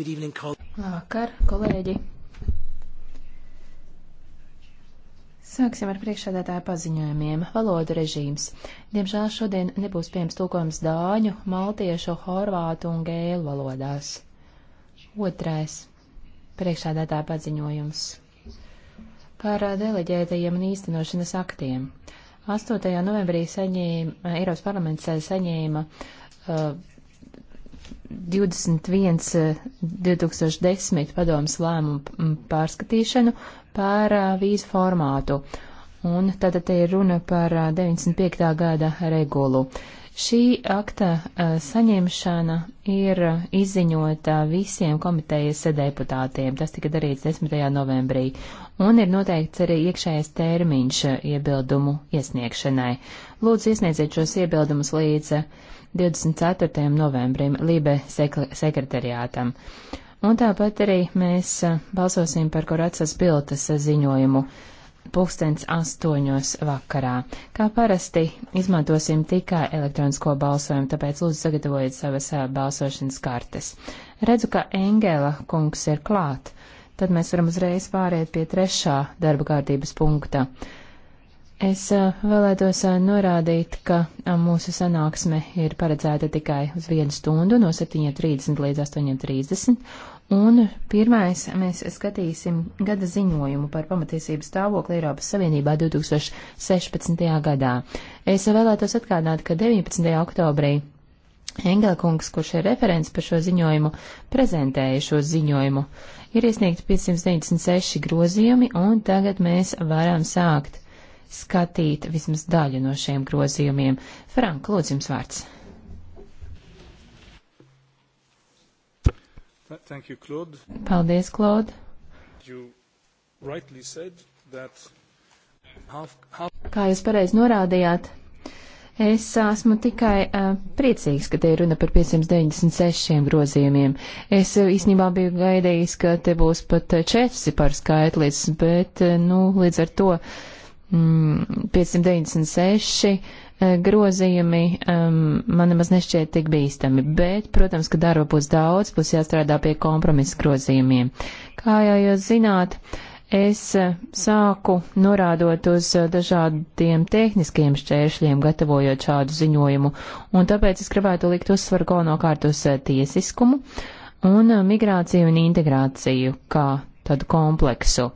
Good evening, call. Labvakar, kolēģi! Sāksim ar priekšsēdētāju paziņojumiem. Valodu režīms. Diemžēl šodien nebūs pieejams tulkojums dāņu, maltiešu, horvātu un gēlu valodās. Otrais. Priekšsēdētāja paziņojums. Par deleģētajiem un īstenošanas aktiem. 8. novembrī saņēma, Eiropas parlaments saņēma uh, 21 2010 eh, padomas lēmumu pārskatīšanu par eh, vīzu formātu. Un tātad te ir runa par 95. Eh, gada regulu. Šī akta saņemšana ir izziņota visiem komitejas deputātiem. Tas tika darīts 10. novembrī. Un ir noteikts arī iekšējais termiņš iebildumu iesniegšanai. Lūdzu, iesniedziet šos iebildumus līdz 24. novembrim Lībe sekretariātam. Un tāpat arī mēs eh, balsosim par Koracas Biltas ziņojumu pulkstens astoņos vakarā. Kā parasti, izmantosim tikai elektronisko balsojumu, tāpēc lūdzu sagatavojiet savas eh, balsošanas kartes. Redzu, ka Engela kungs ir klāt, tad mēs varam uzreiz pāriet pie trešā darba kārtības punkta. Es vēlētos norādīt, ka mūsu sanāksme ir paredzēta tikai uz vienu stundu no 7.30 līdz 8.30, un pirmais mēs skatīsim gada ziņojumu par pamatiesību stāvokli Eiropas Savienībā 2016. gadā. Es vēlētos atkārdināt, ka 19. oktobrī Engelkungs, kurš ir referents par šo ziņojumu, prezentēja šo ziņojumu. Ir iesniegti 596 grozījumi, un tagad mēs varam sākt skatīt vismaz daļu no šiem grozījumiem. Frank, lūdzu jums vārds. Thank you, Claude. Paldies, Claude. You rightly said that half, half... Kā jūs pareizi norādījāt, Es esmu tikai uh, priecīgs, ka te ir runa par 596 grozījumiem. Es īstenībā biju gaidījis, ka te būs pat četri par skaitlis, bet, nu, līdz ar to uh, 596 mm, e, grozījumi man nemaz nešķiet tik bīstami, bet, protams, ka darba būs daudz, būs jāstrādā pie kompromisa grozījumiem. Kā jau jūs zināt, es e, sāku norādot uz e, dažādiem tehniskiem šķēršļiem, gatavojot šādu ziņojumu, un tāpēc es gribētu likt uzsvaru galvenokārt uz tiesiskumu un migrāciju un integrāciju kā tādu kompleksu. Uh,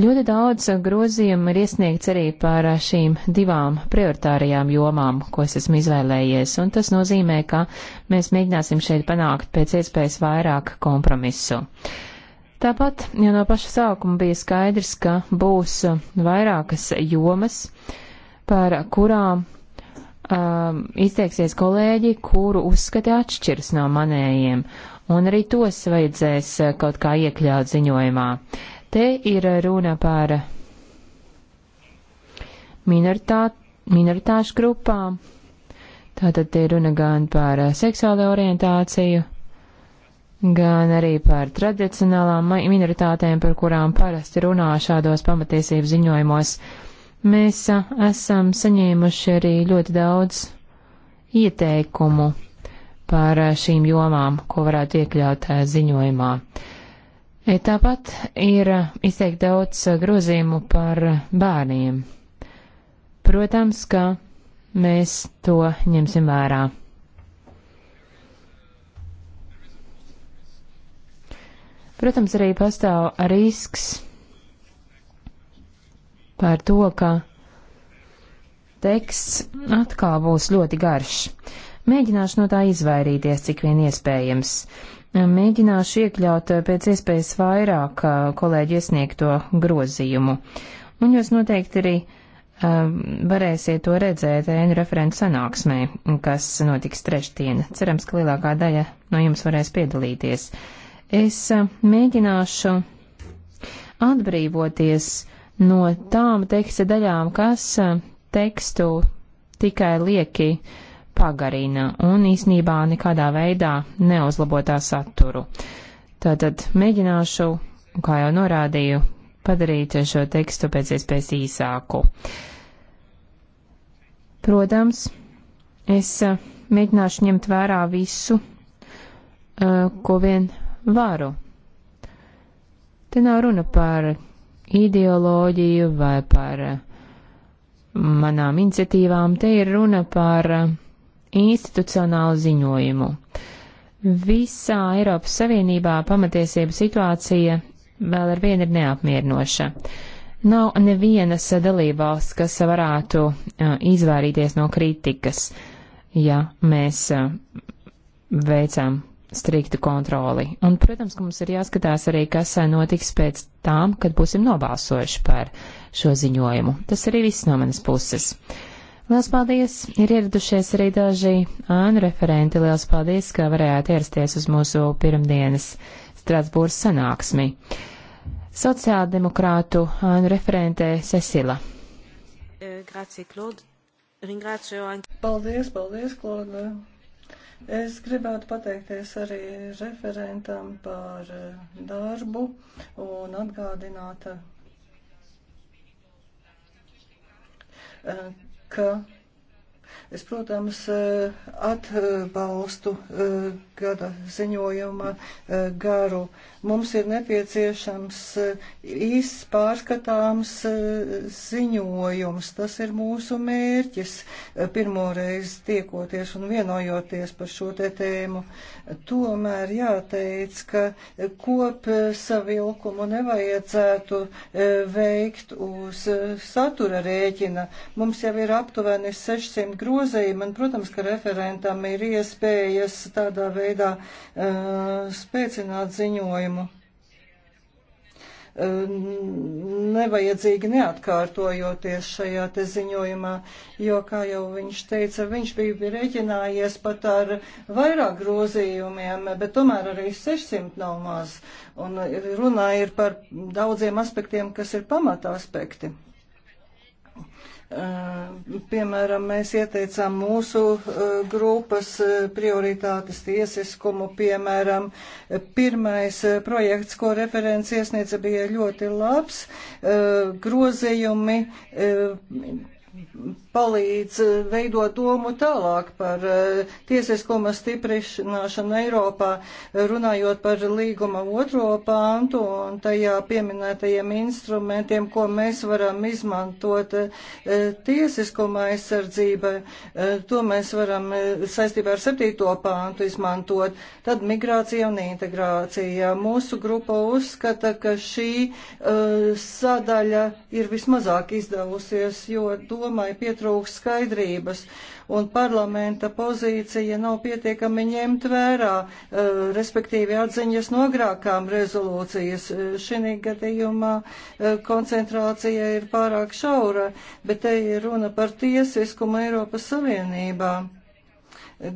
Ļoti daudz grozījumu ir iesniegts arī par šīm divām prioritārajām jomām, ko es esmu izvēlējies, un tas nozīmē, ka mēs mēģināsim šeit panākt pēc iespējas vairāk kompromisu. Tāpat jau no paša sākuma bija skaidrs, ka būs vairākas jomas, par kurām um, izteiksies kolēģi, kuru uzskati atšķiras no manējiem, un arī tos vajadzēs kaut kā iekļaut ziņojumā. Uh, Te ir runa par minoritā, minoritāšu grupām, tātad te ir runa gan par seksuālo orientāciju, gan arī par tradicionālām minoritātēm, par kurām parasti runā šādos pamatiesību ziņojumos. Mēs a, esam saņēmuši arī ļoti daudz ieteikumu par šīm jomām, ko varētu iekļaut ziņojumā. E tāpat ir izteikt daudz grozījumu par bērniem. Protams, ka mēs to ņemsim vērā. Protams, arī pastāv risks par to, ka teksts atkal būs ļoti garš. Mēģināšu no tā izvairīties, cik vien iespējams. Mēģināšu iekļaut eh, pēc iespējas vairāk eh, kolēģi iesniegto grozījumu. Un jūs noteikti arī eh, varēsiet to redzēt ēnu referentu sanāksmē, kas notiks trešdien. Cerams, ka lielākā daļa no jums varēs piedalīties. Es mēģināšu atbrīvoties no tām teksta daļām, kas tekstu tikai lieki uh, pagarina un īsnībā nekādā veidā neuzlabo tā saturu. Tātad mēģināšu, kā jau norādīju, padarīt šo tekstu pēc iespējas īsāku. Protams, es eh, mēģināšu ņemt vērā visu, eh, ko vien varu. Te nav runa par ideoloģiju vai par eh, manām iniciatīvām, te ir runa par institucionālu ziņojumu. Visā Eiropas Savienībā pamatiesība situācija vēl ar vienu ir neapmierinoša. Nav nevienas dalībvalsts, kas varētu izvairīties no kritikas, ja mēs veicam striktu kontroli. Un, protams, ka mums ir jāskatās arī, kas notiks pēc tām, kad būsim nobalsojuši par šo ziņojumu. Tas arī viss no manas puses. Uh, Lielas paldies! Ir ieradušies arī daži ānu referenti. Lielas paldies, ka varējāt ierasties uz mūsu pirmdienas Strasbūras sanāksmi. Sociāldemokrātu ānu referente Cecila. Eh, paldies, paldies, Klauda! Es gribētu pateikties arī referentam par eh, darbu un atgādināt eh, ka es, protams, eh, atbalstu eh, gada ziņojuma e, garu. Mums ir nepieciešams e, īsts pārskatāms e, ziņojums. Tas ir mūsu mērķis pirmoreiz tiekoties un vienojoties par šo te tēmu. Tomēr jāteic, ka kop savilkumu nevajadzētu veikt uz satura rēķina. Mums jau ir aptuveni 600 grozījumi, un, protams, ka referentam ir iespējas tādā veidā veidā spēcināt ziņojumu nevajadzīgi neatkārtojoties šajā te ziņojumā, jo, kā jau viņš teica, viņš bija rēķinājies pat ar vairāk grozījumiem, bet tomēr arī 600 nav maz. Un runā ir par daudziem aspektiem, kas ir pamata aspekti. Eh, piemēram, mēs ieteicām mūsu eh, grupas eh, prioritātes tiesiskumu. Piemēram, pirmais projekts, ko referents iesniedza, bija ļoti labs. Grozījumi palīdz eh, veidot domu tālāk par eh, tiesiskuma stiprināšanu Eiropā, runājot par līguma otro pāntu un tajā pieminētajiem instrumentiem, ko mēs varam izmantot eh, tiesiskuma aizsardzībai. To mēs varam saistībā ar septīto pāntu izmantot. Tad migrācija un integrācija. Mūsu grupa uzskata, ka šī sadaļa ir vismazāk izdevusies, jo domāju pietrūkst trūks skaidrības, un parlamenta pozīcija nav pietiekami ņemt vērā, eh, respektīvi atziņas nogrākām rezolūcijas. Eh, šī gadījumā eh, koncentrācija ir pārāk šaura, bet te ir runa par tiesiskumu Eiropas Savienībā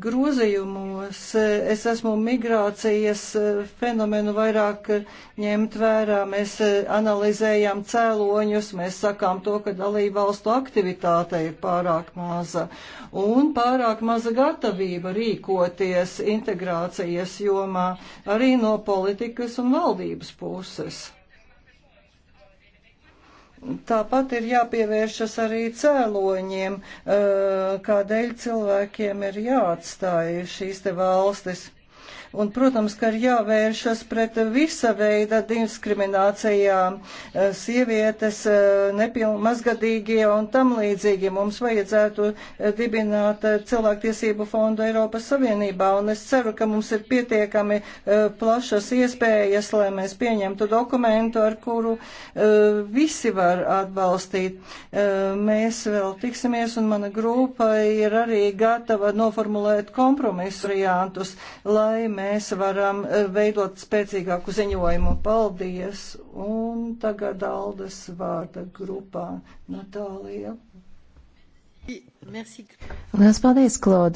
grozījumos es esmu migrācijas fenomenu vairāk ņemt vērā. Mēs analizējam cēloņus, mēs sakām to, ka dalībvalstu aktivitāte ir pārāk maza un pārāk maza gatavība rīkoties integrācijas jomā arī no politikas un valdības puses. Tāpat ir jāpievēršas arī cēloņiem, eh, kādēļ cilvēkiem ir jāatstāj šīs te valstis. Un, protams, ka ir jāvēršas pret visa veida diskriminācijām eh, - sievietes, eh, nepiln, mazgadīgie un tam līdzīgi. Mums vajadzētu eh, dibināt cilvēktiesību fondu Eiropas Savienībā, un es ceru, ka mums ir pietiekami plašas iespējas, lai mēs pieņemtu dokumentu, ar kuru visi var atbalstīt. Mēs vēl tiksimies, un mana grupa ir arī gatava noformulēt kompromisu variantus, lai mēs mēs varam eh, veidot spēcīgāku ziņojumu. Paldies! Un tagad Aldas vārda grupā Natālija. Lielas paldies, Klod!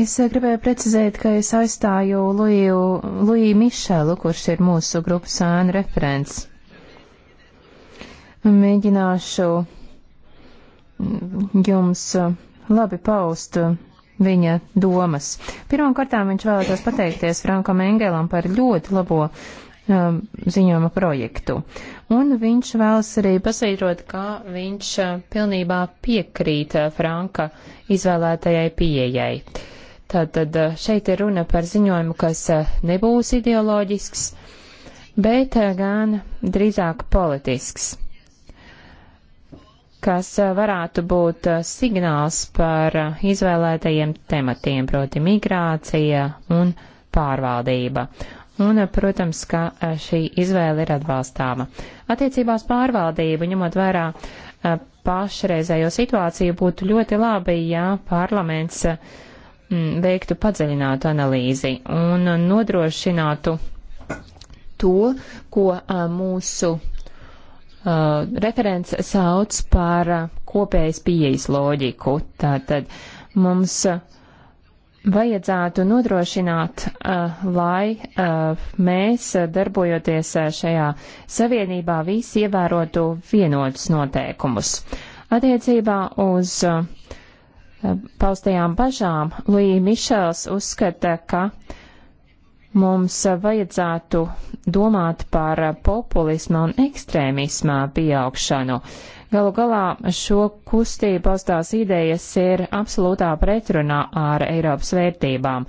Es eh, gribēju precizēt, ka es aizstāju Luiju, Luiju Mišelu, kurš ir mūsu grupas ēnu referents. Mēģināšu mm, jums eh, labi paust viņa domas. Pirmkārtām viņš vēlētos pateikties Frankam Engelam par ļoti labo um, ziņojuma projektu. Un viņš vēlas arī pasvītrot, ka viņš uh, pilnībā piekrīt uh, Franka izvēlētajai pieejai. Tātad uh, šeit ir runa par ziņojumu, kas uh, nebūs ideoloģisks, bet uh, gan drīzāk politisks kas eh, varētu būt eh, signāls par eh, izvēlētajiem tematiem, proti migrācija un pārvaldība. Un, protams, ka šī izvēle ir atbalstāma. Attiecībās pārvaldību, ņemot vērā pašreizējo situāciju, būtu ļoti labi, ja parlaments veiktu padziļinātu analīzi un nodrošinātu to, ko mūsu Uh, referents sauc par uh, kopējas pieejas loģiku. Tātad mums uh, vajadzētu nodrošināt, uh, lai uh, mēs, uh, darbojoties šajā savienībā, visi ievērotu vienotus noteikumus. Attiecībā uz paustajām bažām Līja Mišels uzskata, ka uh, mums vajadzētu domāt par populisma un ekstrēmisma pieaugšanu. Galu galā šo kustību paustās idejas ir absolūtā pretrunā ar Eiropas vērtībām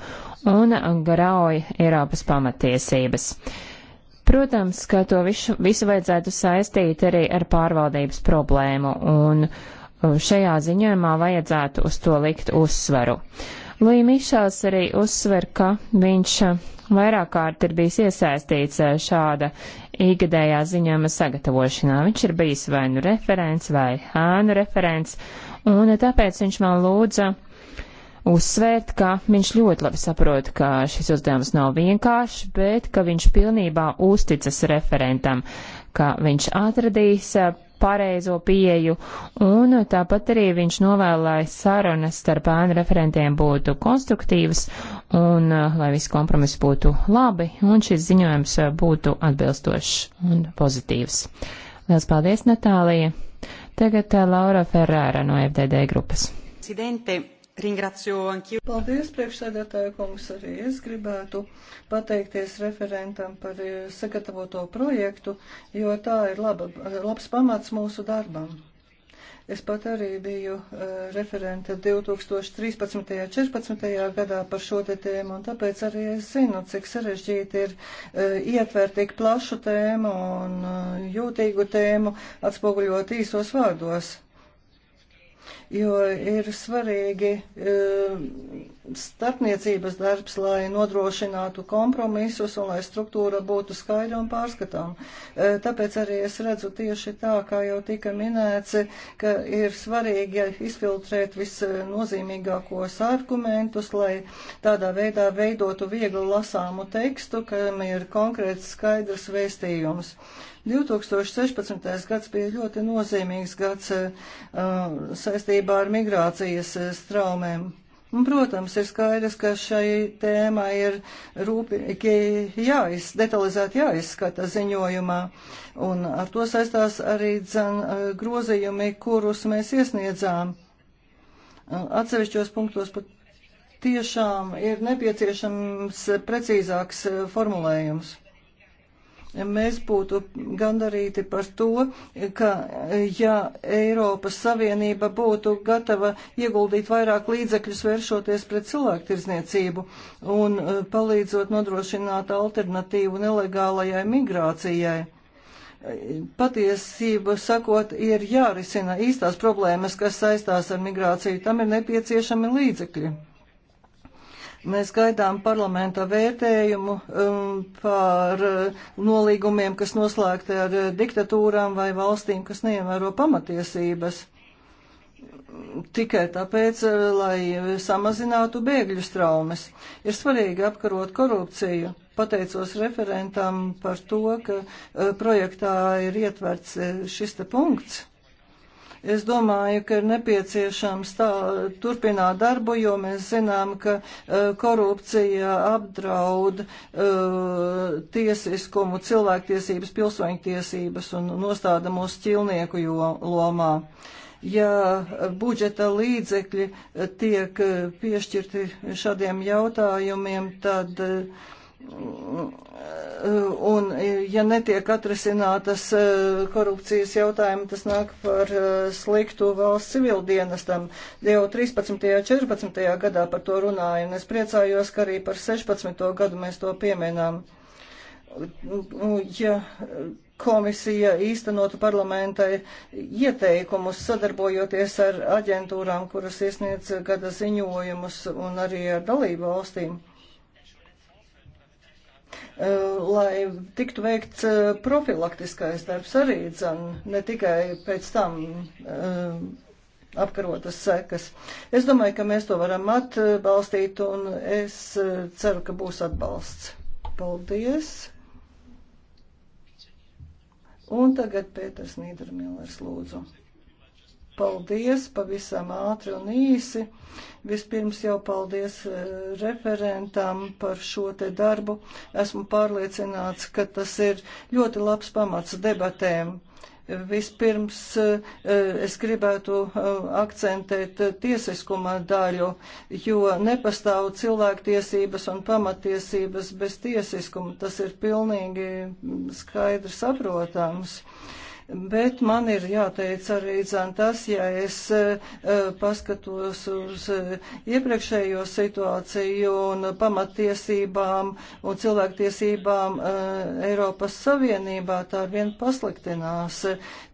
un grauj Eiropas pamatiesības. Protams, ka to visu, visu vajadzētu saistīt arī ar pārvaldības problēmu, un uh, šajā ziņojumā vajadzētu uz to likt uzsvaru. Līja Mišels arī uzsver, ka viņš vairāk kārt ir bijis iesaistīts eh, šāda īgadējā ziņojuma sagatavošanā. Viņš ir bijis vai nu referents, vai ēnu referents, un eh, tāpēc viņš man lūdza uzsvērt, ka viņš ļoti labi saprot, ka šis uzdevums nav vienkāršs, bet ka viņš pilnībā uzticas referentam, ka viņš atradīs eh, pareizo pieju, un tāpat arī viņš novēl, lai sarunas starp ēnu referentiem būtu konstruktīvas, un uh, lai visi kompromisi būtu labi, un šis ziņojums uh, būtu atbilstošs un pozitīvs. Lielas paldies, Natālija! Tagad uh, Laura Ferrara no FDD grupas. Presidente, Paldies, priekšsēdētāja kungs, arī es gribētu pateikties referentam par eh, sagatavoto projektu, jo tā ir laba, eh, labs pamats mūsu darbam. Es pat arī biju eh, referente 2013. un 2014. gadā par šo te tēmu, un tāpēc arī es zinu, cik sarežģīti ir ietvert tik plašu tēmu un jūtīgu tēmu atspoguļot īsos vārdos jo ir svarīgi um, starpniecības darbs, lai nodrošinātu kompromisus un lai struktūra būtu skaidra un pārskatām. Uh, tāpēc arī es redzu tieši tā, kā jau tika minēts, ka ir svarīgi izfiltrēt visnozīmīgākos argumentus, lai tādā veidā veidotu viegli lasāmu tekstu, kam ir konkrēts skaidrs vēstījums. 2016. gads bija ļoti nozīmīgs gads eh, eh, saistībā ar migrācijas eh, straumēm. Un, protams, ir skaidrs, ka šai tēmai ir rūpīgi jāiz, detalizēti jāizskata ziņojumā. Un ar to saistās arī dzen, grozījumi, kurus mēs iesniedzām. Atsevišķos punktos pat tiešām ir nepieciešams precīzāks formulējums. Mēs būtu gandarīti par to, ka ja Eiropas Savienība būtu gatava ieguldīt vairāk līdzekļus vēršoties pret cilvēktirzniecību un e, palīdzot nodrošināt alternatīvu nelegālajai migrācijai patiesību sakot, ir jārisina īstās problēmas, kas saistās ar migrāciju. Tam ir nepieciešami līdzekļi. Mēs gaidām parlamenta vērtējumu um, par uh, nolīgumiem, kas noslēgti ar uh, diktatūrām vai valstīm, kas neievēro pamatiesības. Tikai tāpēc, uh, lai samazinātu bēgļu traumas, ir svarīgi apkarot korupciju. Pateicos referentam par to, ka projektā ir ietverts šis te punkts Es domāju, ka ir nepieciešams tā, turpināt darbu, jo mēs zinām, ka e, korupcija apdraud e, tiesiskumu, cilvēktiesības, pilsoņtiesības un nostāda mūsu ķilnieku lomā ja budžeta līdzekļi tiek piešķirti šādiem jautājumiem, tad uh, un, e, ja netiek atrisinātas e, korupcijas jautājumi, tas nāk par e, sliktu valsts civildienestam. Jau 13. un 14. gadā par to runāju, un es priecājos, ka arī par 16. gadu mēs to pieminām. Ja komisija īstenotu parlamentai ieteikumus, sadarbojoties ar aģentūrām, kuras iesniedz gada ziņojumus un arī ar dalību valstīm Eh, lai tiktu veikts eh, profilaktiskais darbs arī, dzen, ne tikai pēc tam eh, apkarotas sekas. Es domāju, ka mēs to varam atbalstīt, un es ceru, ka būs atbalsts. Paldies! Un tagad Pēters Nīdermīlers lūdzu. Paldies, pavisam ātri un īsi. Vispirms jau paldies eh, referentam par šo te darbu. Esmu pārliecināts, ka tas ir ļoti labs pamats debatēm. Vispirms eh, es gribētu eh, akcentēt tiesiskuma daļu, jo nepastāv cilvēktiesības un pamatiesības bez tiesiskuma. Tas ir pilnīgi skaidrs saprotams. Uh, Bet man ir jāteic arī dzan tas, ja es e, e, paskatos uz e, iepriekšējo situāciju un pamatiesībām un cilvēktiesībām Eiropas Savienībā, tā ar vien pasliktinās.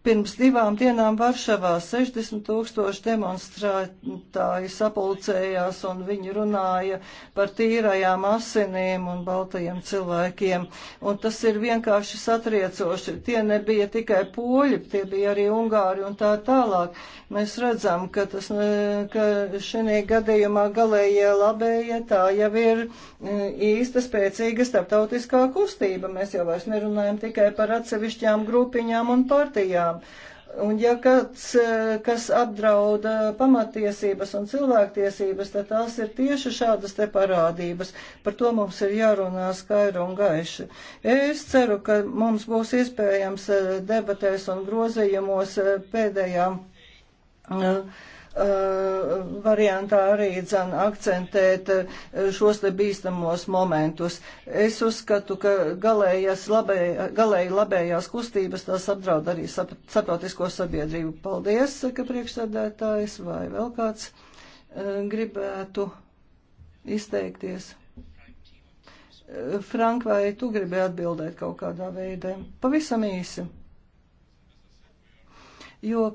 Pirms divām dienām Varšavā 60 tūkstoši demonstrētāji sapulcējās un viņi runāja par tīrajām asinīm un baltajiem cilvēkiem. Un tas ir vienkārši satriecoši. Tie nebija tikai poļi, tie bija arī Ungāri un tā tālāk. Mēs redzam, ka, tas, ka šī gadījumā galējie labējie tā jau ir e, īsta spēcīga starptautiskā kustība. Mēs jau vairs nerunājam tikai par atsevišķām grupiņām un partijām. Un ja kāds, eh, kas apdrauda pamatiesības un cilvēktiesības, tad tās ir tieši šādas te parādības. Par to mums ir jārunā skaidri un gaiši. Es ceru, ka mums būs iespējams eh, debatēs un grozījumos eh, pēdējām. Uh, Eh, variantā arī dzan akcentēt eh, šos te bīstamos momentus. Es uzskatu, ka galējas labē, galēji labējās kustības tās apdraud arī sap, saprotisko sabiedrību. Paldies, ka priekšsēdētājs vai vēl kāds eh, gribētu izteikties. Frank, vai tu gribi atbildēt kaut kādā veidā? Pavisam īsi. Jo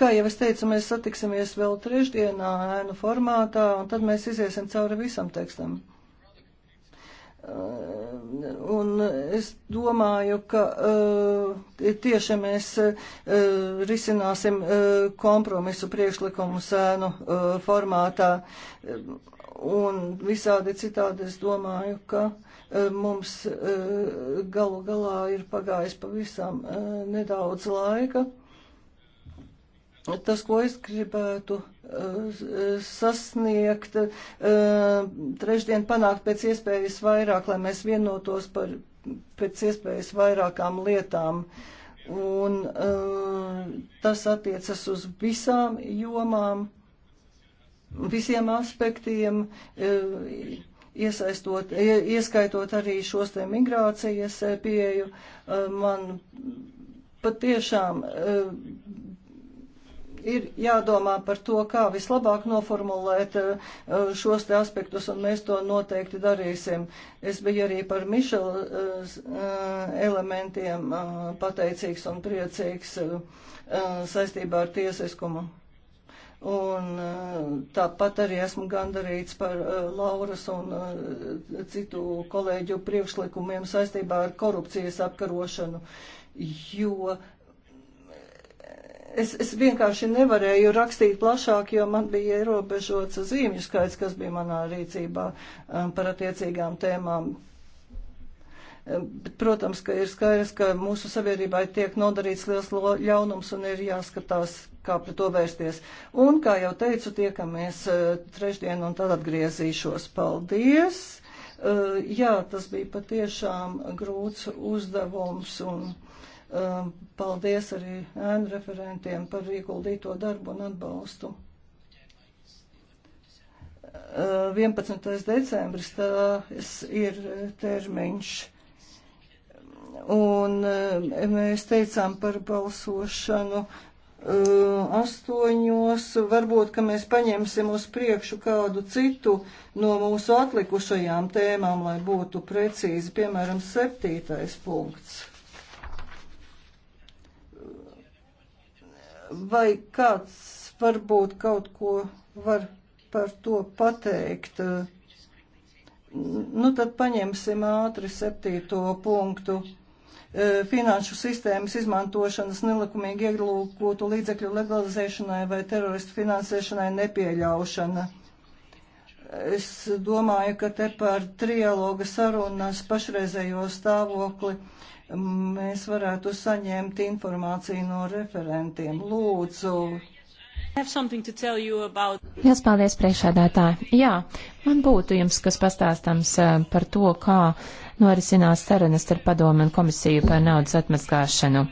Kā jau es teicu, mēs satiksimies vēl trešdienā ēnu formātā, un tad mēs iziesim cauri visam tekstam. Uh, un es domāju, ka uh, tieši mēs uh, risināsim kompromisu priekšlikumu sēnu formātā. Un visādi citādi es domāju, ka mums galu galā ir pagājis pavisam nedaudz laika tas, ko es gribētu eh, sasniegt, eh, trešdien panākt pēc iespējas vairāk, lai mēs vienotos par pēc iespējas vairākām lietām. Un eh, tas attiecas uz visām jomām, visiem aspektiem, iesaistot, ieskaitot arī šos te migrācijas pieeju. Man patiešām ir jādomā par to, kā vislabāk noformulēt eh, šos te aspektus, un mēs to noteikti darīsim. Es biju arī par Mišela eh, elementiem eh, pateicīgs un priecīgs saistībā ar tiesiskumu. Un tāpat arī esmu gandarīts par Lauras un citu kolēģu priekšlikumiem saistībā ar korupcijas apkarošanu, jo es, es vienkārši nevarēju rakstīt plašāk, jo man bija ierobežots zīmju skaits, kas bija manā rīcībā um, par attiecīgām tēmām. Um, bet, protams, ka ir skaidrs, ka mūsu sabiedrībai tiek nodarīts liels ļaunums un ir jāskatās, kā pret to vērsties. Un, kā jau teicu, tiekamies uh, trešdien un tad atgriezīšos. Paldies! Uh, jā, tas bija patiešām grūts uzdevums un. Um, paldies arī ēnu referentiem par ieguldīto darbu un atbalstu. 11. Uh, decembris tas ir termiņš. Un uh, mēs teicām par balsošanu uh, astoņos, varbūt, ka mēs paņemsim uz priekšu kādu citu no mūsu atlikušajām tēmām, lai būtu precīzi, piemēram, septītais punkts. Vai kāds varbūt kaut ko var par to pateikt? Nu, tad paņemsim ātri septīto punktu e, finanšu sistēmas izmantošanas nelikumīgi ieglūkotu līdzekļu legalizēšanai vai teroristu finansēšanai nepieļaušana. Es domāju, ka te par trialoga sarunas pašreizējo stāvokli mēs varētu saņemt informāciju no referentiem. Lūdzu! About... Lielas paldies, priekšādātāji. Jā, man būtu jums kas pastāstams eh, par to, kā norisinās sarunas ar padomu un komisiju par naudas atmaskāšanu.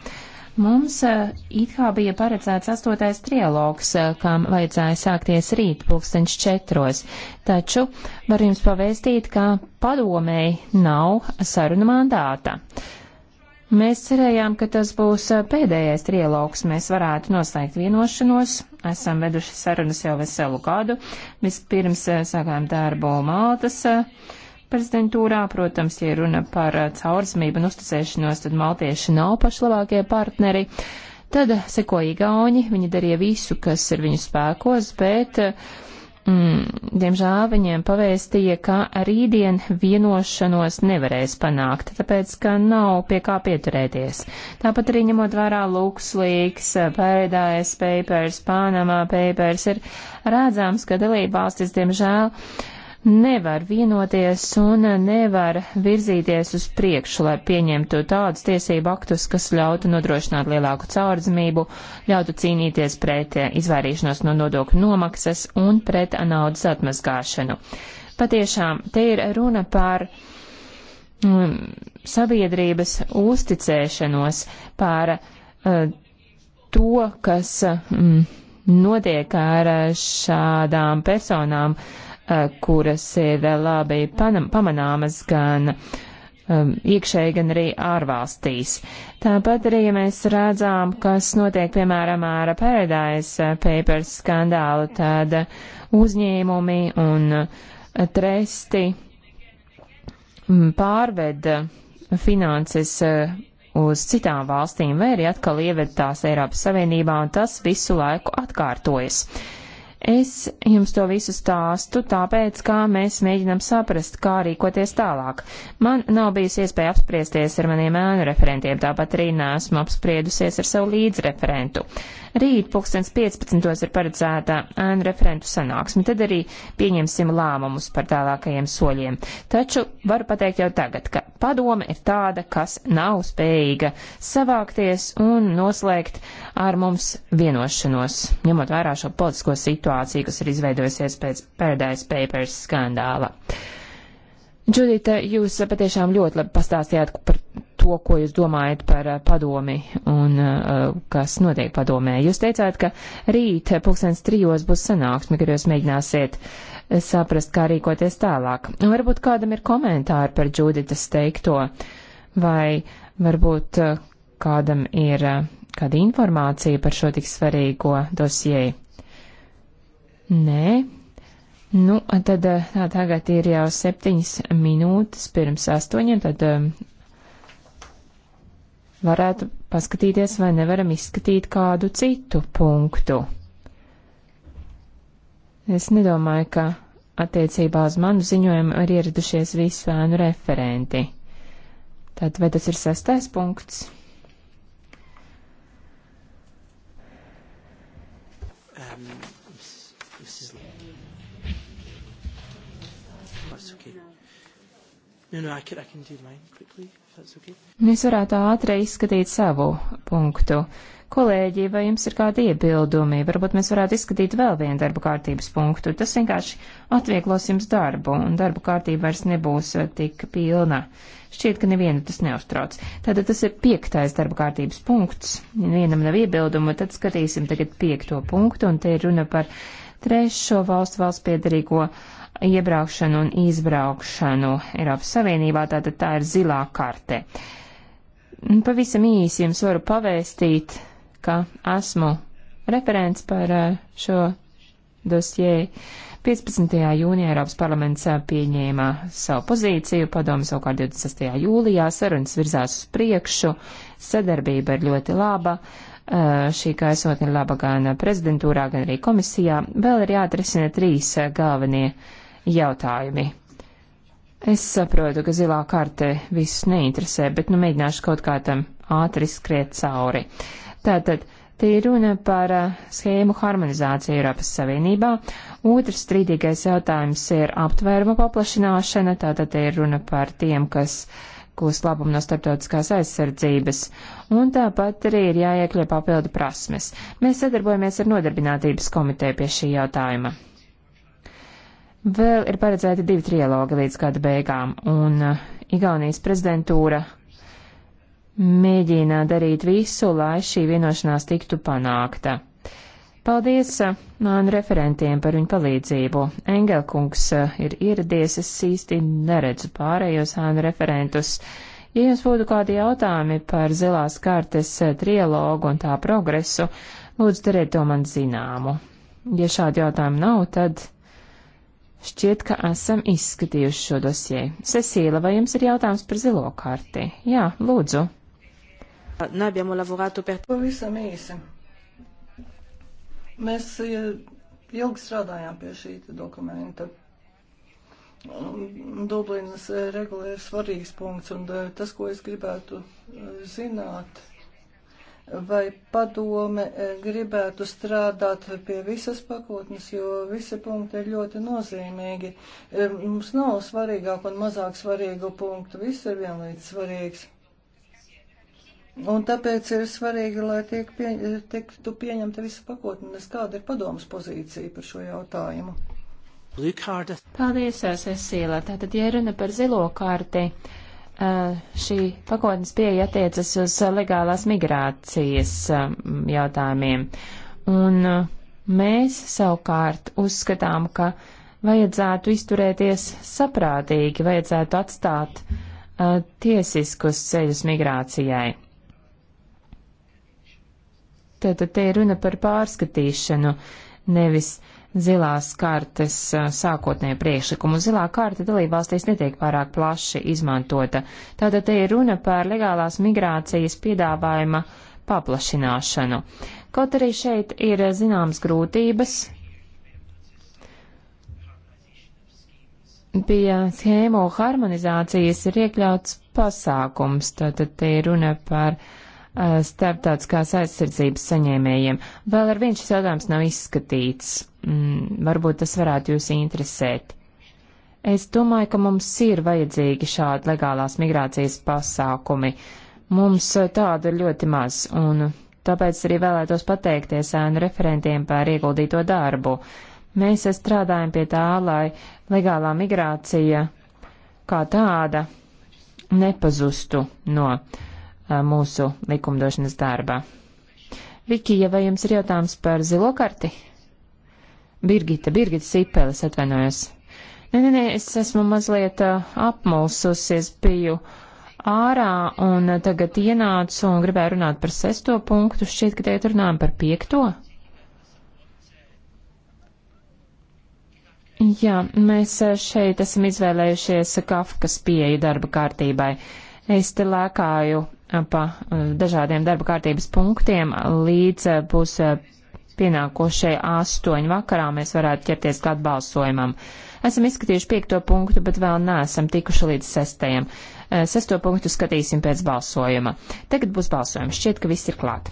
Mums eh, it kā bija paredzēts astotais trialogs, eh, kam vajadzēja sākties rīt pulkstenš četros, taču var jums pavēstīt, ka padomēji nav sarunu mandāta. Uh, Mēs cerējām, ka tas būs pēdējais trialogs, mēs varētu noslēgt vienošanos. Esam veduši sarunas jau veselu gadu. Vispirms sākām darbu Maltas prezidentūrā. Protams, ja runa par caurzmību un uzticēšanos, tad maltieši nav pašlabākie partneri. Tad sekoja Igauni, viņi darīja visu, kas ir viņu spēkos, bet uh, mm, diemžēl viņiem pavēstīja, ka rītdien vienošanos nevarēs panākt, tāpēc, ka nav pie kā pieturēties. Tāpat arī ņemot vērā LuxLeaks, Paradise Papers, Panama Papers, ir redzams, ka dalībvalstis, diemžēl, uh, nevar vienoties un nevar virzīties uz priekšu, lai pieņemtu tādus tiesību aktus, kas ļautu nodrošināt lielāku caurdzamību, ļautu cīnīties pret eh, izvairīšanos no nodokļu nomaksas un pret naudas atmazgāšanu. Patiešām, te ir runa par mm, sabiedrības uzticēšanos, par uh, to, kas. Mm, notiek ar eh, šādām personām Eh, kuras ir labi panam, pamanāmas gan um, iekšēji, gan arī ārvalstīs. Tāpat arī, ja mēs redzām, kas notiek, piemēram, ar Paradise Papers skandālu, tad uzņēmumi un eh, tresti pārveda finanses eh, uz citām valstīm vai arī atkal ieved tās Eiropas Savienībā, un tas visu laiku atkārtojas. Uh, Es jums to visu stāstu, tāpēc, kā mēs mēģinam saprast, kā rīkoties tālāk. Man nav bijusi iespēja apspriesties ar maniem ēnu referentiem, tāpat arī neesmu apspriedusies ar savu līdzreferentu. Rīt, pulkstens 15. ir paredzēta ēnu referentu sanāksme, tad arī pieņemsim lēmumus par tālākajiem soļiem. Taču varu pateikt jau tagad, ka padome ir tāda, kas nav spējīga savākties un noslēgt ar mums vienošanos, ņemot vērā šo politisko situāciju, kas ir izveidojusies pēc Paradise Papers skandāla. Džudita, jūs patiešām ļoti labi pastāstījāt par to, ko jūs domājat par uh, padomi un uh, kas notiek padomē. Jūs teicāt, ka rīt pulkstens trijos būs sanāksme, kur jūs mēģināsiet uh, saprast, kā rīkoties tālāk. Un varbūt kādam ir komentāri par Džuditas teikto, vai varbūt kādam ir kāda informācija par šo tik svarīgo dosieju? Nē. Nu, tad eh, tā tagad ir jau septiņas minūtes pirms astoņiem, tad um, varētu paskatīties, vai nevaram izskatīt kādu citu punktu. Es nedomāju, ka attiecībā uz manu ziņojumu ir ieradušies visu ēnu referenti. Tad vai tas ir sastais punkts? Um, Mrs. That's oh, okay. Nu, nu, I can, I can do mine quickly, if that's okay. Es varētu ātri izskatīt savu punktu. Kolēģi, vai jums ir kādi iebildumi? Varbūt mēs varētu izskatīt vēl vienu darba kārtības punktu. Tas vienkārši atvieglos jums darbu, un darba kārtība vairs nebūs eh, tik pilna. Uh, Šķiet, ka nevienu tas neuztrauc. Tātad tas ir piektais darba kārtības punkts. Vienam nav iebildumu, tad skatīsim tagad piekto punktu, un te ir runa par trešo valstu valsts piedarīgo iebraukšanu un izbraukšanu Eiropas Savienībā, tātad tā ir zilā karte. Pavisam īsi jums varu pavēstīt, ka esmu referents par eh, šo dosjē. 15. jūnijā Eiropas parlaments pieņēma savu pozīciju, padomu savukārt 26. jūlijā sarunas virzās uz priekšu, sadarbība ir ļoti laba, šī gaisotne ir laba gan prezidentūrā, gan arī komisijā. Vēl ir jāatrisina trīs galvenie jautājumi. Es saprotu, ka zilā karte visus neinteresē, bet nu mēģināšu kaut kā tam ātri skriet cauri. Tātad Te ir runa par eh, schēmu harmonizāciju Eiropas Savienībā. Otrs strīdīgais jautājums ir aptvēruma paplašināšana, tātad te ir runa par tiem, kas gūs labumu no starptautiskās aizsardzības. Un tāpat arī ir jāiekļauj papildu prasmes. Mēs sadarbojamies ar Nodarbinātības komiteju pie šī jautājuma. Vēl ir paredzēti divi trialogi līdz gada beigām, un eh, Igaunijas prezidentūra mēģina darīt visu, lai šī vienošanās tiktu panākta. Paldies uh, man referentiem par viņu palīdzību. Engelkungs uh, ir ieradies, es īsti neredzu pārējos ānu referentus. Ja jums būtu kādi jautājumi par zilās kartes uh, trialogu un tā progresu, lūdzu dariet to man zināmu. Ja šādi jautājumi nav, tad šķiet, ka esam izskatījuši šo dosie. Sesīla, vai jums ir jautājums par zilo karti? Jā, lūdzu. Noi abbiamo lavorato per... Pavisam īsi. Mēs eh, ilgi strādājām pie šī dokumenta. Dublinas eh, regula ir svarīgs punkts, un eh, tas, ko es gribētu zināt, vai padome gribētu strādāt pie visas pakotnes, jo visi punkti ir ļoti nozīmīgi. Mums nav svarīgāk un mazāk svarīgu punktu, viss ir vienlīdz svarīgs. Un tāpēc ir svarīgi, lai tiek pie, tiktu pieņemta visa pakotnes. Kāda ir padomas pozīcija par šo jautājumu? Paldies, Sesīla. Tātad, ja runa par zilo kārti, šī pakotnes pieeja attiecas uz legālās migrācijas jautājumiem. Un mēs savukārt uzskatām, ka vajadzētu izturēties saprātīgi, vajadzētu atstāt tiesiskus ceļus migrācijai. Tātad te ir runa par pārskatīšanu, nevis zilās kartes sākotnēju priekšlikumu. Zilā karte dalībvalstīs netiek pārāk plaši izmantota. Tātad te ir runa par legālās migrācijas piedāvājuma paplašināšanu. Kaut arī šeit ir zināmas grūtības. Pie schēmu harmonizācijas ir iekļauts pasākums, tātad te ir runa par uh, Eh, starptautiskās aizsardzības saņēmējiem. Vēl ar vienu šis jautājums nav izskatīts. Mm, varbūt tas varētu jūs interesēt. Es domāju, ka mums ir vajadzīgi šādi legālās migrācijas pasākumi. Mums eh, tādu ir ļoti maz, un tāpēc arī vēlētos pateikties ēnu referentiem par ieguldīto darbu. Mēs strādājam pie tā, lai legālā migrācija kā tāda nepazustu no uh, mūsu likumdošanas darbā. Vikija, vai jums ir jautājums par zilo karti? Birgita, Birgita Sipelis, atvainojos. Nē, nē, nē, es esmu mazliet apmulsusies, biju ārā un tagad ienācu un gribēju runāt par sesto punktu. Šķiet, ka tagad runājam par piekto. Jā, mēs šeit esam izvēlējušies Kafkas pieeju darba kārtībai. Es te lēkāju Uh, pa uh, dažādiem darba kārtības punktiem līdz uh, būs pienākošai astoņu vakarā mēs varētu ķerties klāt balsojumam. Esam izskatījuši piekto punktu, bet vēl neesam tikuši līdz sestajam. Sesto punktu skatīsim pēc balsojuma. Tagad būs balsojums. Šķiet, ka viss ir klāt.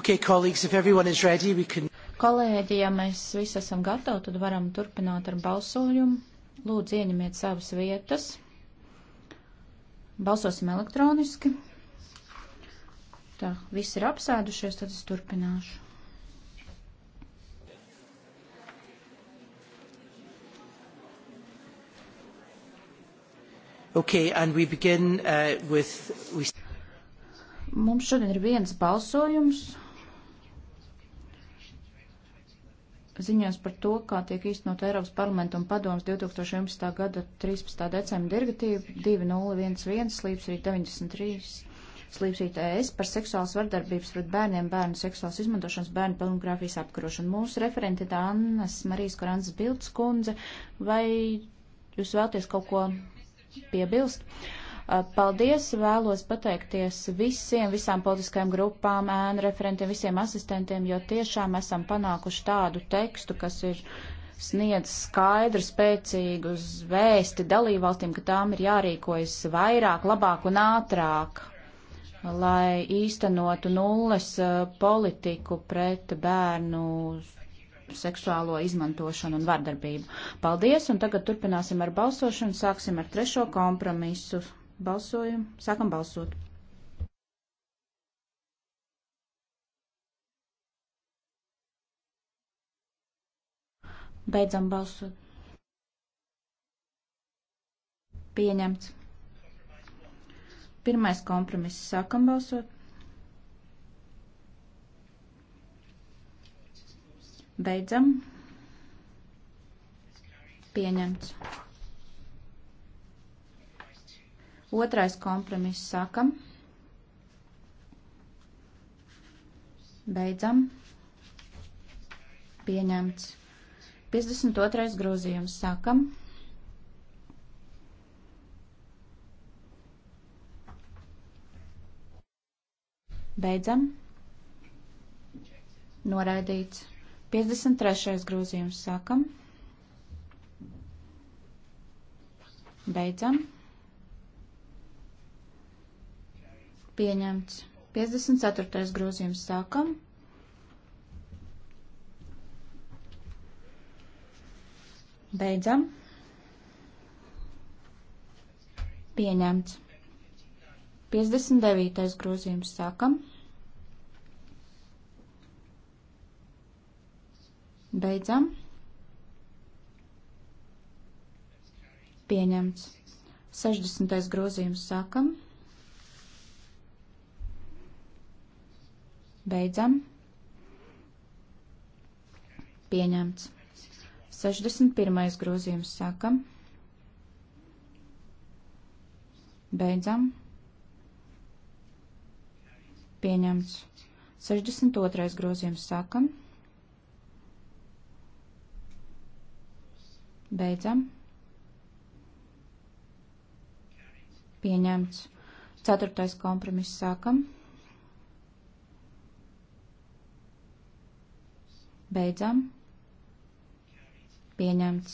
Okay, colleagues, if everyone is ready, we can... Kolēģi, ja mēs visi esam gatavi, tad varam turpināt ar balsojumu. Lūdzu, ieņemiet savas vietas. Balsosim elektroniski. Tā, visi ir apsēdušies, tad es turpināšu. Okay, and we begin uh, with... We... Mums šodien ir viens balsojums ziņās par to, kā tiek īstenot Eiropas parlamenta un padomas 2011. gada 13. decembra direktīva 2011 slīpsrīt 93 slīpsrīt ES par seksuālas vardarbības pret bērniem, bērnu seksuālas izmantošanas, bērnu pornogrāfijas apkarošanu. Mūsu referenti tā Annas Marijas Korantas Bildes kundze, vai jūs vēlties kaut ko piebilst? Uh, Uh, paldies, vēlos pateikties visiem, visām politiskajām grupām, ēnu referentiem, visiem asistentiem, jo tiešām esam panākuši tādu tekstu, kas ir sniedz skaidru, spēcīgu vēsti dalībvalstīm, ka tām ir jārīkojas vairāk, labāk un ātrāk, lai īstenotu nulles uh, politiku pret bērnu seksuālo izmantošanu un vardarbību. Paldies, un tagad turpināsim ar balsošanu, sāksim ar trešo kompromisu. Balsojam. Sākam balsot. Beidzam balsot. Pieņemts. Pirmais kompromiss. Sākam balsot. Beidzam. Pieņemts. Otrais kompromiss sākam. Beidzam. Pieņemts. 52. grozījums sākam. Beidzam. Noraidīts. 53. grozījums sākam. Beidzam. pieņemts. 54. grozījums sākam. Beidzam. Pieņemts. 59. grozījums sākam. Beidzam. Pieņemts. 60. grozījums sākam. Beidzam. Beidzam. Pieņemts. 61. grozījums sākam. Beidzam. Pieņemts. 62. grozījums sākam. Beidzam. Pieņemts. 4. kompromiss sākam. Beidzam. Beidzam. Pieņemts.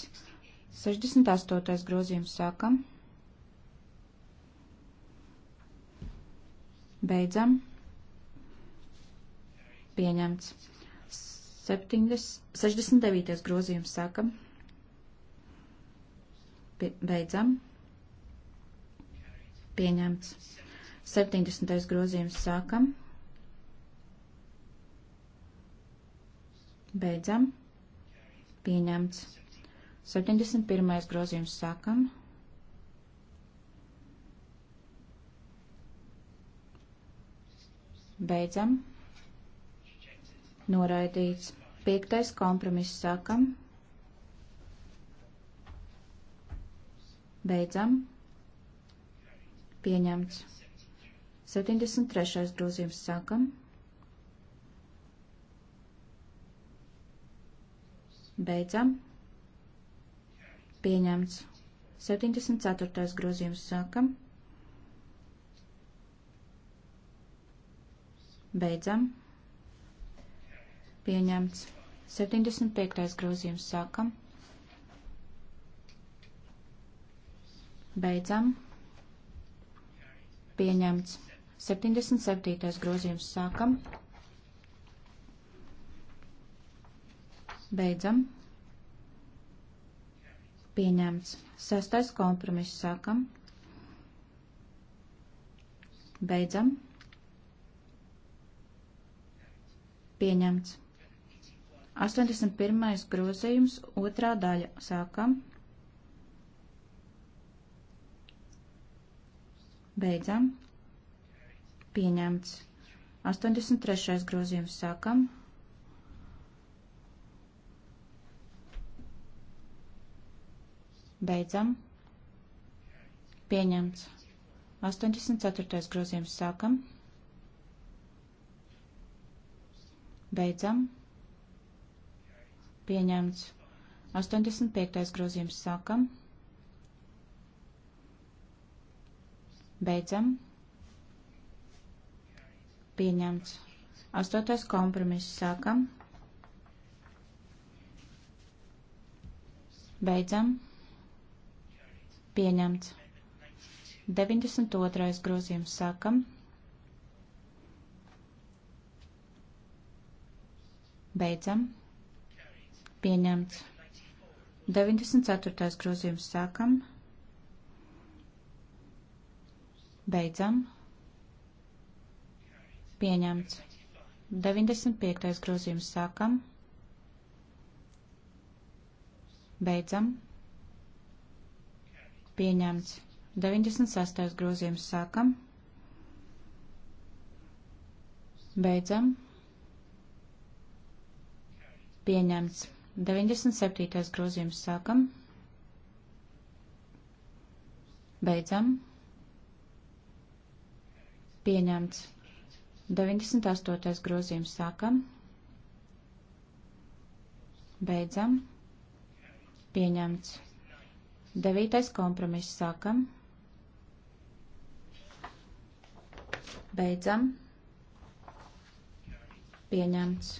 68. grozījums sākam. Beidzam. Pieņemts. 70, 69. grozījums sākam. Pie, beidzam. Pieņemts. 70. grozījums sākam. Beidzam. Pieņemts. 71. grozījums sākam. Beidzam. Noraidīts. Piektais kompromiss sākam. Beidzam. Pieņemts. 73. grozījums sākam. Beidzam. Beidzam. Pieņemts. 74. grozījums sākam. Beidzam. Pieņemts. 75. grozījums sākam. Beidzam. Pieņemts. 77. grozījums sākam. Beidzam. Beidzam. Pieņemts. Sestais kompromiss sākam. Beidzam. Pieņemts. 81. grozījums, otrā daļa. Sākam. Beidzam. Pieņemts. 83. grozījums sākam. Beidzam. Beidzam. Pieņemts. 84. grozījums sākam. Beidzam. Pieņemts. 85. grozījums sākam. Beidzam. Pieņemts. 8. kompromiss sākam. Beidzam. Pieņemts. 92. grozījums sākam. Beidzam. Pieņemts. 94. grozījums sākam. Beidzam. Pieņemts. 95. grozījums sākam. Beidzam. Pieņemts. 96. grozījums sākam. Beidzam. Pieņemts. 97. grozījums sākam. Beidzam. Pieņemts. 98. grozījums sākam. Beidzam. Pieņemts. Devītais kompromiss sākam. Beidzam. Pieņemts.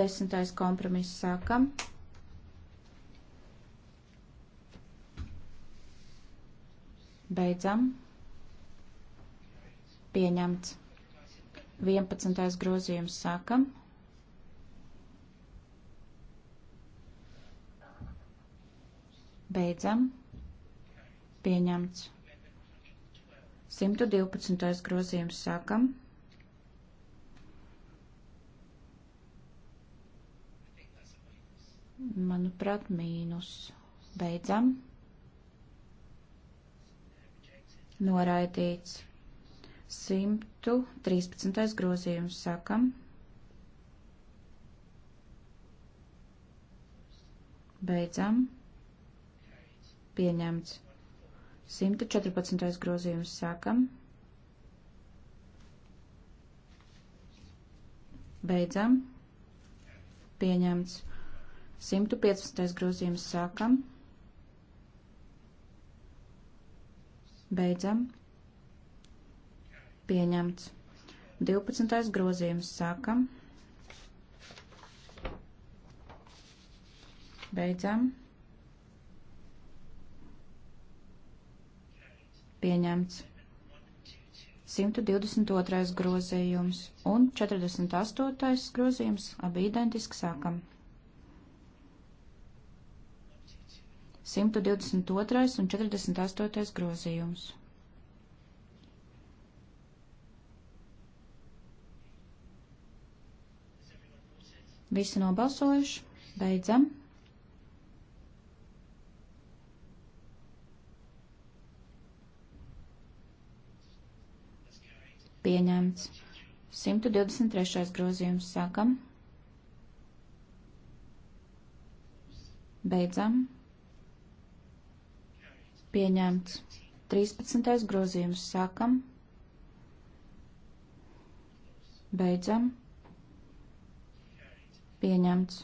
Desmitais kompromiss sākam. Beidzam. Pieņemts. Vienpadsmitais grozījums sākam. Beidzam. Pieņemts. 112. grozījums sākam. Manuprāt, mīnus. Beidzam. Noraidīts. 113. grozījums sākam. Beidzam pieņemts. 114. grozījums sākam. Beidzam. Pieņemts. 115. grozījums sākam. Beidzam. Pieņemts. 12. grozījums sākam. Beidzam. pieņemts. 122. grozījums un 48. grozījums abi identiski sākam. 122. un 48. grozījums. Visi nobalsojuši, beidzam. pieņemts. 123. grozījums sākam. Beidzam. Pieņemts. 13. grozījums sākam. Beidzam. Pieņemts.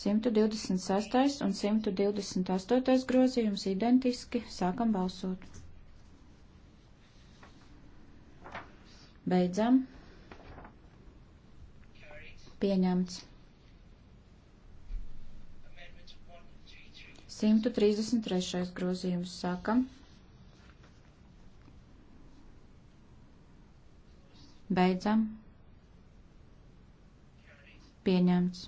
126. un 128. grozījums identiski. Sākam balsot. Beidzam. Pieņemts. 133. grozījums sākam. Beidzam. Pieņemts.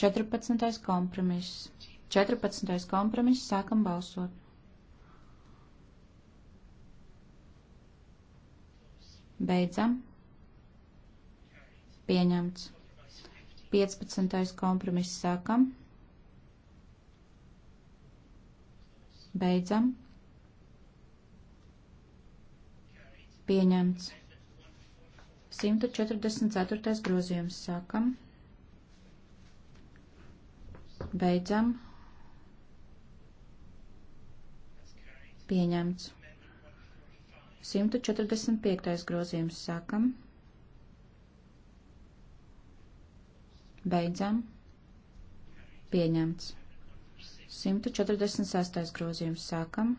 14. kompromiss. 14. kompromiss sākam balsot. Beidzam. Pieņemts. 15. kompromiss sākam. Beidzam. Pieņemts. 144. grozījums sākam. Beidzam. Pieņemts. 145. grozījums sākam. Beidzam. Pieņemts. 146. grozījums sākam.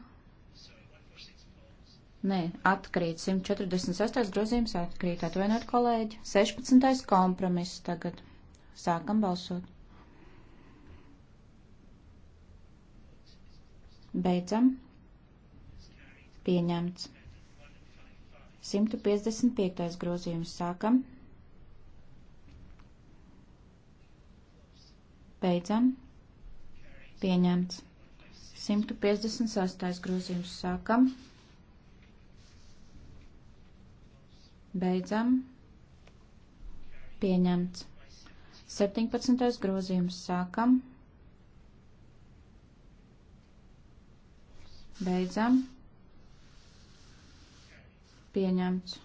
Nē, atkrīt. 146. grozījums atkrīt. Atvainojiet, kolēģi. 16. kompromiss tagad. Sākam balsot. Beidzam. Pieņemts. 155. grozījums sākam. Beidzam. Pieņemts. 158. grozījums sākam. Beidzam. Pieņemts. 17. grozījums sākam. Beidzam pieņemts.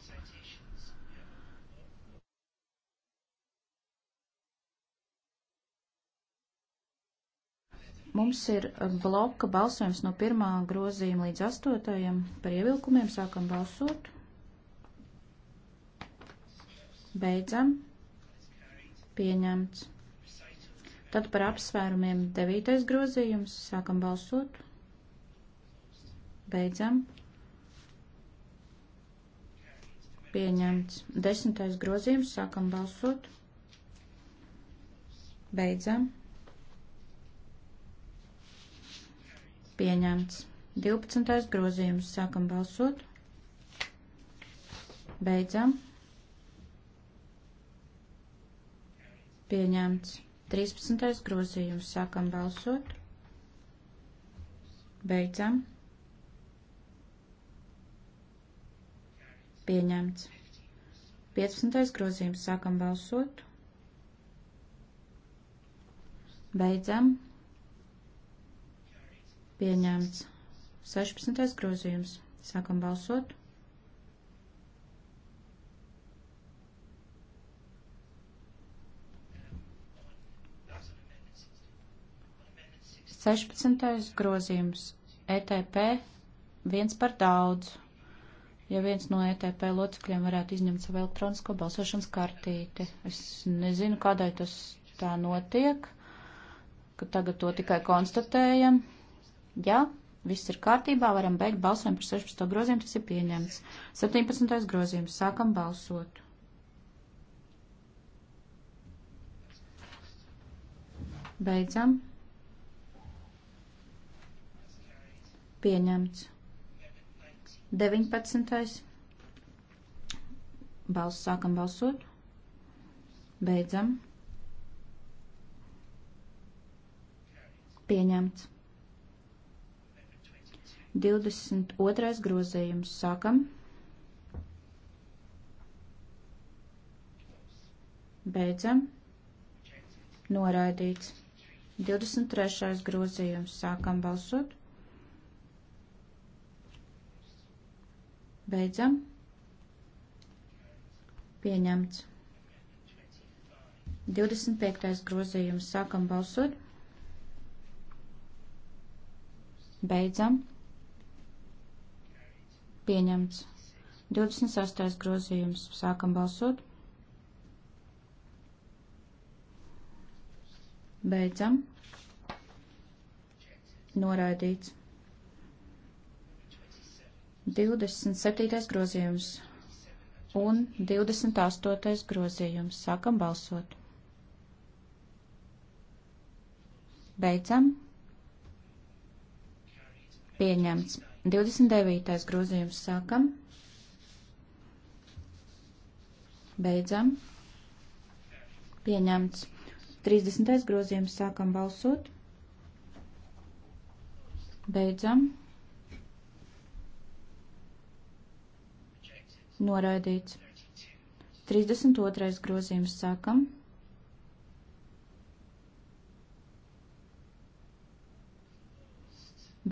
Mums ir bloka balsojums no pirmā grozījuma līdz astotajam par ievilkumiem. Sākam balsot. Beidzam. Pieņemts. Tad par apsvērumiem devītais grozījums. Sākam balsot. Beidzam. pieņemts. Desmitais grozījums, sākam balsot. Beidzam. Pieņemts. 12. grozījums, sākam balsot. Beidzam. Pieņemts. 13. grozījums, sākam balsot. Beidzam. Pieņemts. 15. grozījums. Sākam balsot. Beidzam. Pieņemts. 16. grozījums. Sākam balsot. Sešpadsmitais grozījums. ETP viens par daudz ja viens no ETP locekļiem varētu izņemt savu elektronisko balsošanas kartīti. Es nezinu, kādēļ tas tā notiek, ka tagad to tikai konstatējam. Ja viss ir kārtībā, varam beigt balsojumu par 16. grozījumu, tas ir pieņemts. 17. grozījums, sākam balsot. Beidzam. Pieņemts. 19. Balsu sākam balsot. Beidzam. Pieņemts. 22. grozījums sākam. Beidzam. Noraidīts. 23. grozījums sākam balsot. Beidzam. Pieņemts. 25. grozījums. Sākam balsot. Beidzam. Pieņemts. 26. grozījums. Sākam balsot. Beidzam. Noraidīts. 27. grozījums un 28. grozījums. Sākam balsot. Beidzam. Pieņemts. 29. grozījums sākam. Beidzam. Pieņemts. 30. grozījums sākam balsot. Beidzam. Noraidīts. 32. grozījums sākam.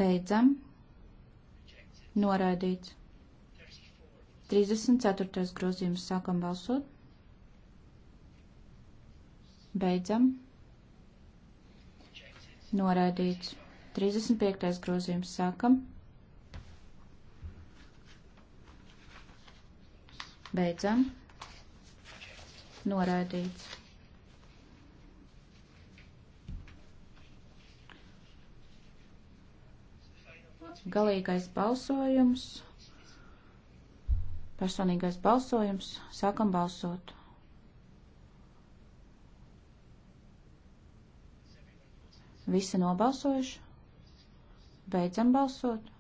Beidzam. Noraidīts. 34. grozījums sākam balsot. Beidzam. Noraidīts. 35. grozījums sākam. Beidzam. Beidzam. Noraidīts. Galīgais balsojums. Personīgais balsojums. Sākam balsot. Visi nobalsojuši? Beidzam balsot.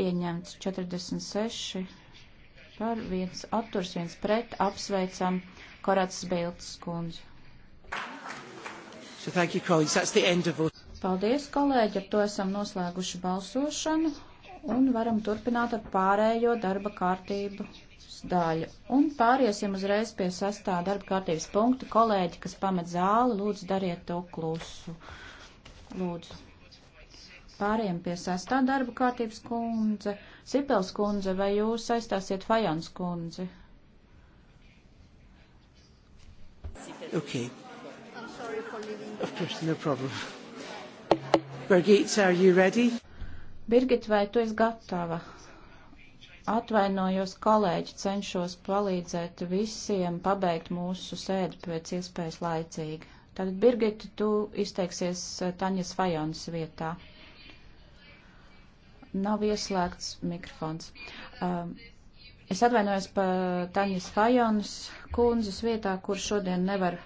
Pieņemts 46 par viens atturs, viens pret, apsveicam Korats Bildes kundzi. So thank you, colleagues. That's the end of us. Paldies, kolēģi, ar to esam noslēguši balsošanu un varam turpināt ar pārējo darba kārtību daļu. Un pāriesim uzreiz pie sastā darba kārtības punkta. Kolēģi, kas pamet zāli, lūdzu dariet to klusu. Lūdzu. Pāriem pie sestā darba kārtības kundze. Sipels kundze, vai jūs saistāsiet Fajans kundzi? Okay. Of course, no problem. Birgit, are you ready? Birgit, vai tu esi gatava? Atvainojos, kolēģi, cenšos palīdzēt visiem pabeigt mūsu sēdi pēc iespējas laicīgi. Tad, Birgit, tu izteiksies eh, Taņas Fajons vietā. Nav ieslēgts mikrofons. Um, es atvainojos par Taņas Fajonas kundzes vietā, kur šodien nevar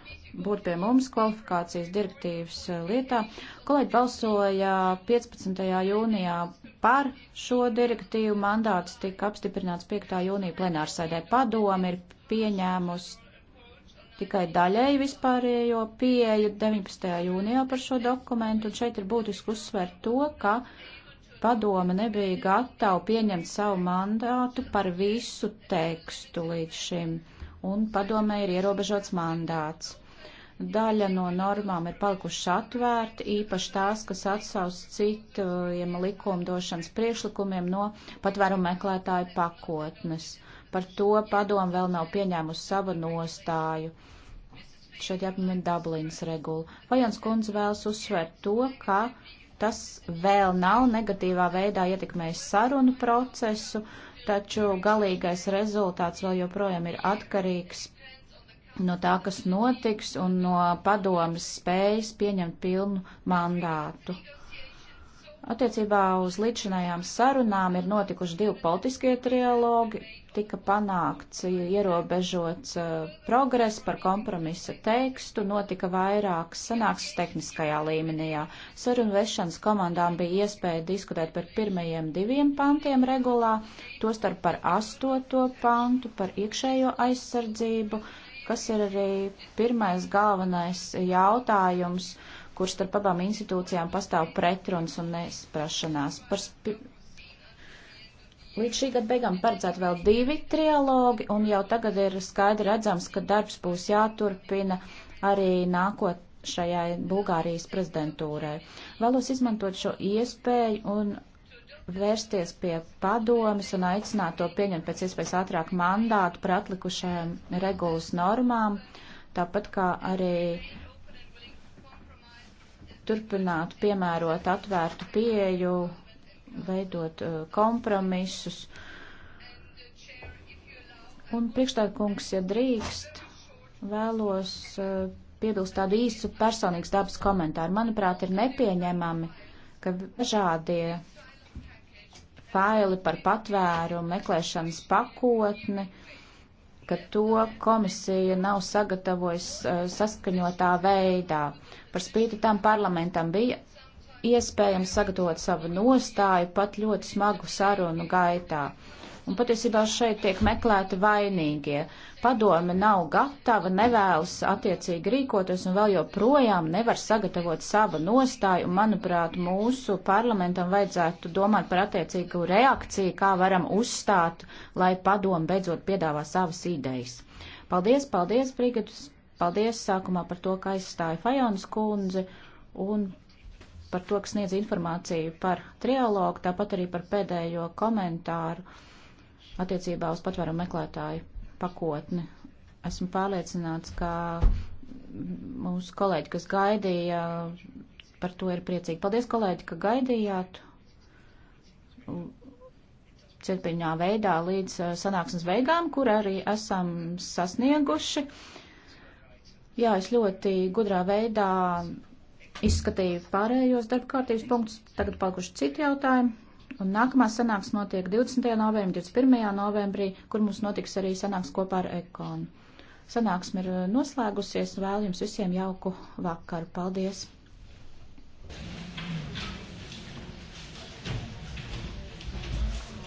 būt pie mums kvalifikācijas direktīvas uh, lietā. Kolēģi balsoja 15. jūnijā par šo direktīvu. Mandāts tika apstiprināts 5. jūnija plenārsēdē. Padomi ir pieņēmus tikai daļēji vispārējo pieeju 19. jūnijā par šo dokumentu. Un šeit ir būtiski uzsvērt to, ka. Uh, padome nebija gatava pieņemt savu mandātu par visu tekstu līdz šim, un padomē ir ierobežots mandāts. Daļa no normām ir palikušas atvērta, īpaši tās, kas atsaus citiem likumdošanas priekšlikumiem no patvērumu meklētāju pakotnes. Par to padomu vēl nav pieņēmusi savu nostāju. Šeit jāpamina Dublinas regula. Vajans kundze vēlas uzsvērt to, ka Tas vēl nav negatīvā veidā ietekmējis sarunu procesu, taču galīgais rezultāts vēl joprojām ir atkarīgs no tā, kas notiks, un no padomas spējas pieņemt pilnu mandātu. Attiecībā uz līdzinājām sarunām ir notikuši divi politiskie trialogi, tika panākts ierobežots uh, progress par kompromisa tekstu, notika vairākas sanāksmes tehniskajā līmenī. Sarunu vešanas komandām bija iespēja diskutēt par pirmajiem diviem pantiem regulā, tostarp par astoto pantu, par iekšējo aizsardzību, kas ir arī pirmais galvenais jautājums. Uh, kur starp abām institūcijām pastāv pretruns un nesprašanās. Par spi... Līdz šī gada beigām paredzēt vēl divi trialogi, un jau tagad ir skaidri redzams, ka darbs būs jāturpina arī nākot šajai Bulgārijas prezidentūrai. Vēlos izmantot šo iespēju un vērsties pie padomis un aicināt to pieņemt pēc iespējas ātrāk mandātu par atlikušajām regulas normām, tāpat kā arī turpināt piemērot atvērtu pieeju, veidot uh, kompromisus. Un priekšstādkungs, ja drīkst, vēlos uh, piebilst tādu īsu personīgas dabas komentāru. Manuprāt, ir nepieņemami, ka dažādie faili par patvērumu meklēšanas pakotni uh, ka to komisija nav sagatavojis uh, saskaņotā veidā. Par spīti tam parlamentam bija iespējams sagatavot savu nostāju pat ļoti smagu sarunu gaitā. Un patiesībā šeit tiek meklēti vainīgie. Padome nav gatava, nevēlas attiecīgi rīkoties un vēl joprojām nevar sagatavot savu nostāju. Un, manuprāt, mūsu parlamentam vajadzētu domāt par attiecīgu reakciju, kā varam uzstāt, lai padome beidzot piedāvā savas idejas. Paldies, paldies, Brigadus! Paldies sākumā par to, ka aizstāja Fajonas kundzi un par to, ka sniedz informāciju par trialogu, tāpat arī par pēdējo komentāru attiecībā uz patvēru meklētāju pakotni. Esmu pārliecināts, ka mūsu kolēģi, kas gaidīja, par to ir priecīgi. Paldies, kolēģi, ka gaidījāt ciepiņā veidā līdz uh, sanāksmes beigām, kur arī esam sasnieguši. Jā, es ļoti gudrā veidā izskatīju pārējos darbkārtības punktus, tagad palikuši citi jautājumi. Un nākamā sanāks notiek 20. novembrī, 21. novembrī, kur mums notiks arī sanāks kopā ar Ekonu. Sanāksme ir uh, noslēgusies, vēlu jums visiem jauku vakaru. Paldies!